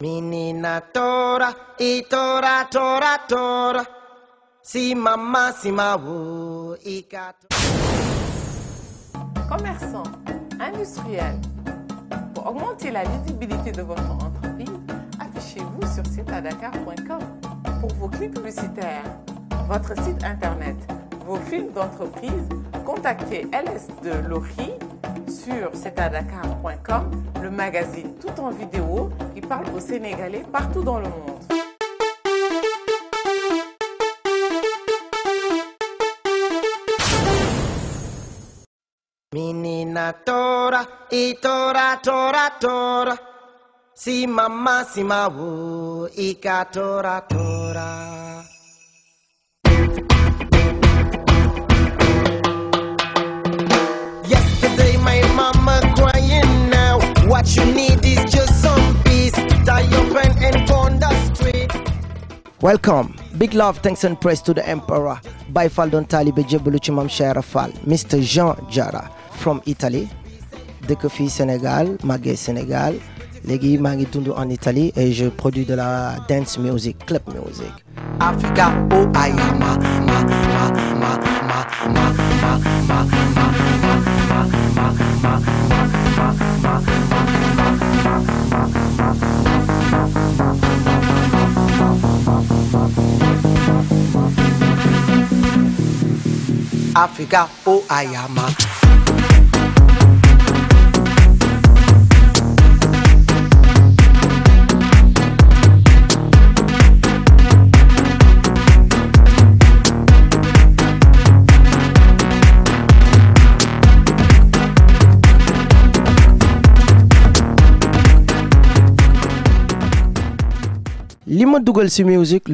Minina tora, itora, tora, tora. si ikato. Commerçants, industriels, pour augmenter la visibilité de votre entreprise, affichez-vous sur siteadakar.com. Pour vos clips publicitaires, votre site internet, vos films d'entreprise, contactez LS de sur cetadakar.com, le magazine tout en vidéo qui parle aux Sénégalais partout dans le monde. si mama Sunday, my mama crying now. What you need is just some peace. die your pen and go on the street. Welcome. Big love, thanks and praise to the Emperor. by Baifal Dontali Bejebuluchimam Sharafal, Mr. Jean Jara from Italy. dëkk fii Sénégal màggee Sénégal léegi maa ngi en Italie et je produis de la dance music club music. Africa oh ayama ma ma ma. Africa, oh Ayama. li musique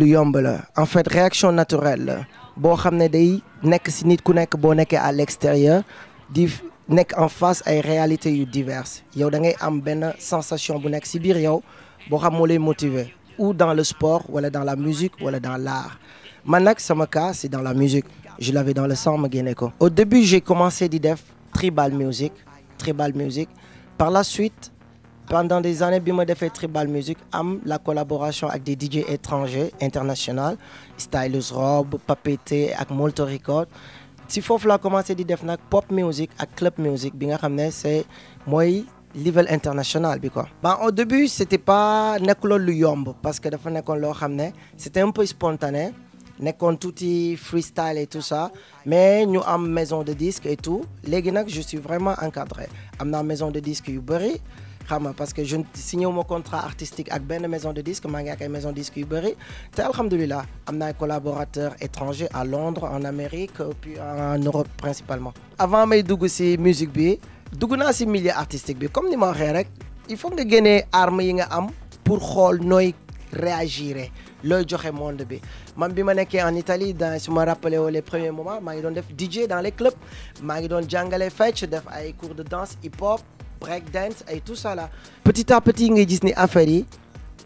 en fait réaction naturelle bo xamné day nekk si nit ku à l'extérieur di êtes en face ay réalités diverses yow da ngay am ben sensation bu nek si biir yow bo xam motiver ou dans le sport wala dans la musique wala dans l'art man nak sama cas c'est dans la musique je l'avais dans le sang ma au début j'ai commencé di def tribal music tribal music par la suite pendant des années bi ma tribal music am la collaboration avec des DJ étrangers internationaux. Stylus Rob Papete avec Molto Record si vous la commencer di def pop music ak club music c'est moi, level international bah, au début c'était pas nekkuloon lu yomb parce que dafa c'était un peu spontané nekkoon tuuti freestyle et tout ça mais nous am maison de disque et tout Légui je suis vraiment encadré Amna maison de disque yu bari, parce que je signé mon contrat artistique avec une ben maison de disque une maison de disques. yu bëri te alhamdulilah collaborateurs étrangers à Londres en Amérique puis en Europe principalement. avant may dugg si musique bi dugg naa si milieu artistique bi comme ni ma waxee rek il faut nga gagner arme yi nga am pour xol noy réagir joxe monde bi man bima en Italie dans je me rappelle les premiers moments je ngi DJ dans les clubs maa ngi des jàngale je def ay cours de danse hip hop breakdance et tout ça là petit à petit ngay gis ni affaire yi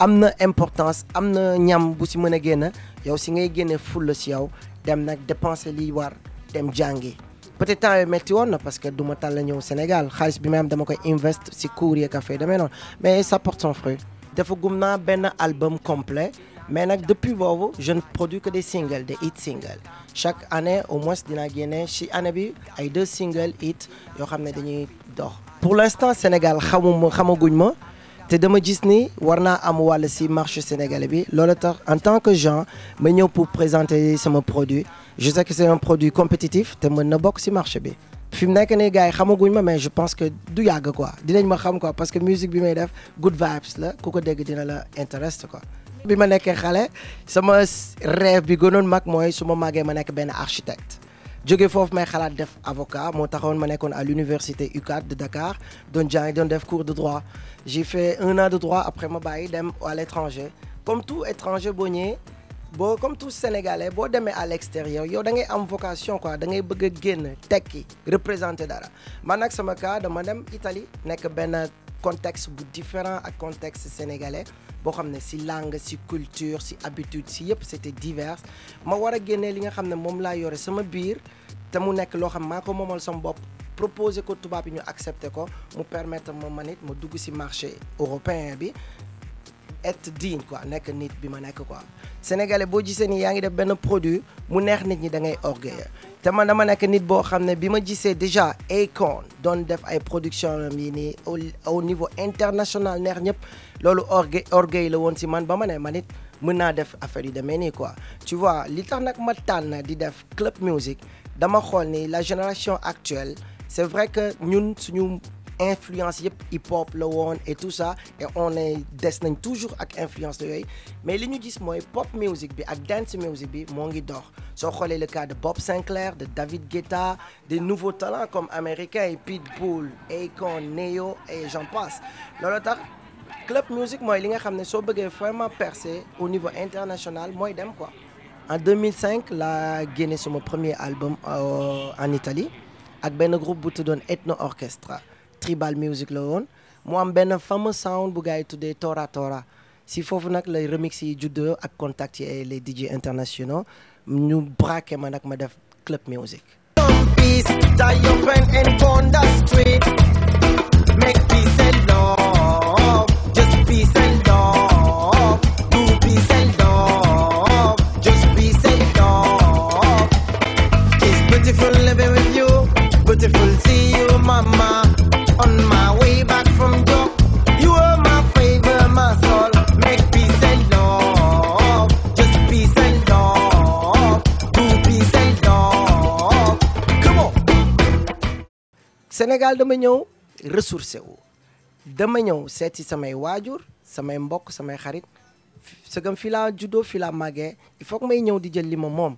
amna importance amna ñam bu ci mëna a génn yow si ngay génne full ci yow dem nak dépenser li war dem jàngi peut être temps metti métti parce que du ma tal la Sénégal xaalis bi ma am dama koy invest ci cour et café demee noonu mais ça porte son fruit dafa gum naa album complet mais nak depuis boobu je ne produis que des singles des hit singles chaque année au moins dina génne ci année bi ay deux singles hit yo xamné dañuy pour l'instant Sénégal xamuma xamaguñ ma te dama gis ni war naa am wàll si marché sénégalais bi tax en tant que gens ma ñëw pour présenter sama produit je sais que c'est un produit compétitif te mën na bokk si marché bi fi mu nekk nii gars xamaguñ ma mais je pense que du yàgg quoi dinañ ma xam quoi parce que musique bi may def good vibes la ku de dégg dina la intéresse quoi bi ma nekkee xale sama rêve bi gënoon mag mooy su ma ma nekk ben architecte je suis may avocat ma à l'université UCAD de Dakar don don def cours de droit j'ai fait un an de droit après ma bail à l'étranger comme tout étranger comme tout sénégalais bo démé à l'extérieur yow da ngay am vocation quoi da ngay bëgg a tekki représenter dara man sama cas dem Italie nek contexte différent à contexte sénégalais boo xam ne si langue si culture si habitude si yépp c'était divers ma war a génnee li nga xamné ne la yoré sama biir te mu nekk loo xam maa ko moomal sama bopp proposé ko tubaab yi ñu accepté ko mu permettre ma manit, ma dugg si marché européen bi être digne quoi nek nit bi ma quoi sénégalais bo gisee ni yaa ngi def ben produit mu neex nit ñi da ngay orgueilleux te man dama nek nit bo xamné bima bi déjà Acon, doon def ay production au niveau international neex ñep lolu orgueil orgueil la won ci man bama né manit man mën naa def affaire yu demee quoi tu vois li tax nak ma tan di def club music dama xol ni la génération actuelle c'est vrai que ñun suñu influence hip hop le one et tout ça et on est destiné toujours avec influence de mais li nous moi pop music bi dance music bi moo ngi dox so le cas de Bob Sinclair de David Guetta des nouveaux talents comme américains et Pitbull Akon Neo et j'en passe L'autre club music moi li nga xamné so vraiment percer au niveau international moi dem quoi en 2005 laa sur mon premier album euh, en Italie avec un groupe bu donne Ethno Orchestra tribal music la woon mu am benn fameux sound bu gars yi tuddee Tora Tora si foofu nag lay remix yi juddoo ak contact yi les DJ internationaux ñu braqué ma nag ma def club music. Sénégal dama ñëw ressourcé wu dama ñëw séti samay wajur samay mbokk samay xarit sëgam fii laa juddoo fii laa màggee il faut que may ñëw di jël li mom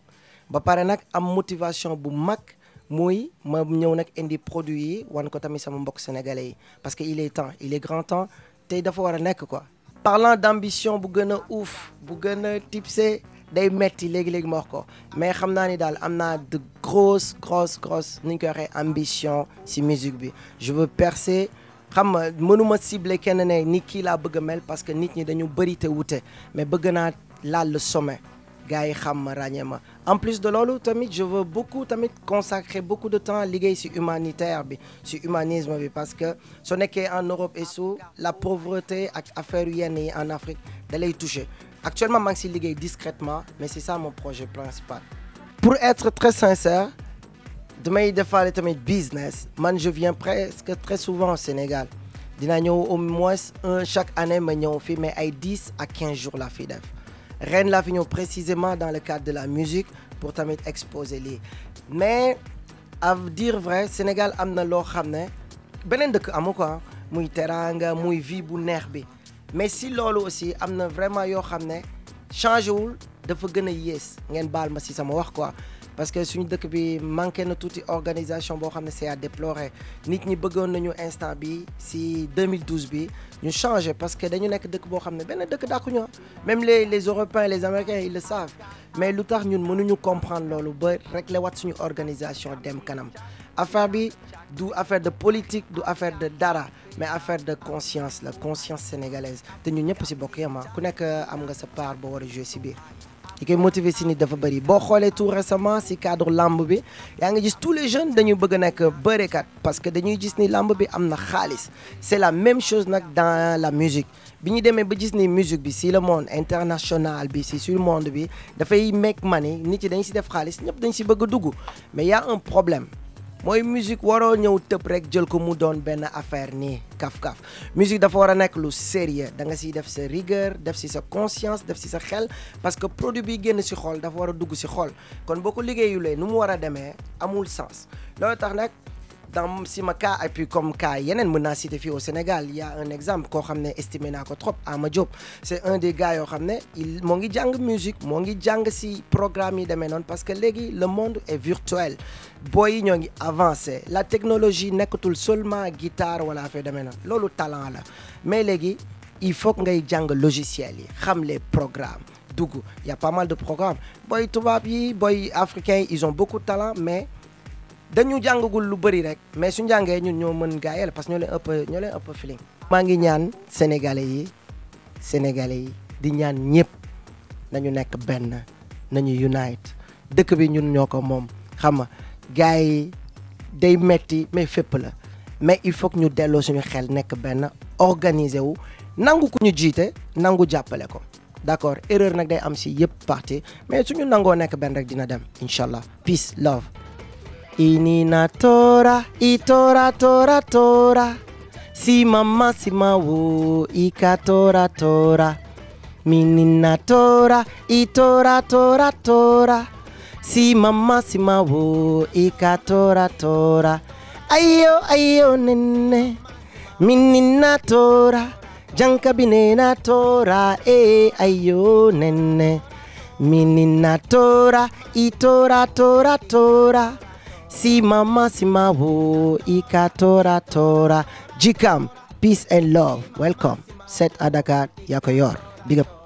ba paré nak am motivation bu mak moy ma ñëw nak indi produit yi wan ko tammi sama mbokk sénégalais parce que il est temps il est grand temps tey dafa wara nek quoi parlant d'ambition bu gëna ouf bu gëna a tipsé day metti léegi léegi ma wax ko mais xamna ni dal amna de grosse grosse grosse ni ambition ci musique bi je veux percer xam nga mënuma cibler kenn ne ni ki la bëgg mel parce que nit ñi dañu bëri té wuté mais bëgg n'a laal le sommet gaay xam ma ràññee ma en plus de lolu tamit je veux beaucoup tamit consacrer beaucoup de temps liggéey ci humanitaire bi ci humanisme bi parce que su nekkee en Europe et sous la pauvreté ak affaire yenn yi en Afrique da lay toucher Actuellement, je suis discrètement mais c'est ça mon projet principal. pour être très sincère faire business man je viens presque très souvent au Sénégal au moins un chaque année mais on fait mais à 15 jours la fi Rennes la précisément dans le cadre de la musique pour tamit exposer les mais à dire vrai Sénégal a na loo choses. ne beneen mais si lolo aussi amna vraiment yo xamné changer changé wul dafa gëna yes ngeen bal ma si sama wax quoi parce que suñu dëkk bi manqué na tuuti organisation bo xamné c'est à déplorer nit ñi bëggoon nañu instant bi si 2012 bi ñu changer parce que dañu nekk dëkk bo xamné ne benn dëkk dàqu ñu même les les européens les américains ils le savent mais lu ñun mënu ñu comprendre lolu ba régler wat suñu organisation dem kanam affaire bi du affaire de politique du affaire de dara mais affaire de conscience la conscience sénégalaise te ñun ñëpp si bokk yema ku nekk euh, am nga sa part bo wara jouer ci biir li motivé motiver nit dafa bari bo xolé tout récemment ci cadre lamb bi ya nga gis tous les jeunes dañu bëgg nekk bërekat parce que dañuy gis ni lamb bi am na c'est la même chose nak dans la musique bi ñu demee ba gis ni musique bi si le monde international bi si sur le monde bi fay make money nit ci dañ ci def xaalis ñëpp dañ ci bëgg dugg mais y a un problème moy musique waroo ñëw tepp rek jël ko mu doon ben affaire ni kaf-kaf musique dafa wara nek lu sérieux da nga ci def sa rigueur def si sa conscience def si sa xel parce que produit bi génn ci xol dafa wara dugg ci xol kon boo ko nu mu war a amul sens loolu tax nak dans si ma cas et puis comme cas yenen mën cité fi au Sénégal il y a un exemple ko xamné ne estimé naa ko trop amadou c'est un des gars yo xamné il mo ngi jang musique mo ngi jang si programme yi demee non parce que légui le monde est virtuel boy yi ñoo ngi avancé la technologie nekkatul seulement guitare wala affaire demee noonu loolu talent la mais légui il faut que ngay jang logiciel yi xam les programmes il y a pas mal de programmes boy tobab yi boy africains ils ont beaucoup de talent mais dañu jàngagul lu bëri rek mais su jàngee ñun ñoo mën gaayal parce que ñoo leen ëpp ñoo leen ëpp feeling maa ngi ñaan sénégalais yi sénégalais yi di ñaan ñëpp nañu nekk benn nañu unite dëkk bi ñun ñoo ko moom xam nga gars yi day metti mais fépp la mais il faut ñu delloo suñu xel nekk benn organiser wu nangu ku ñu jiite nangu jàppale ko d'accord erreur nag day am si yëpp parti mais suñu nangoo nekk benn rek dina dem incha allah peace love ininatora itora tora tora simama simawo ikatora tora mininatora itora tora tora simama simawo ikatora tora ayo ayo nene tora mininatora tora e ayo nene mininatora itora tora tora, tora. Simama Simawo Ikatora Tora Jikam peace and love welcome Set Adaka yaa ko yor big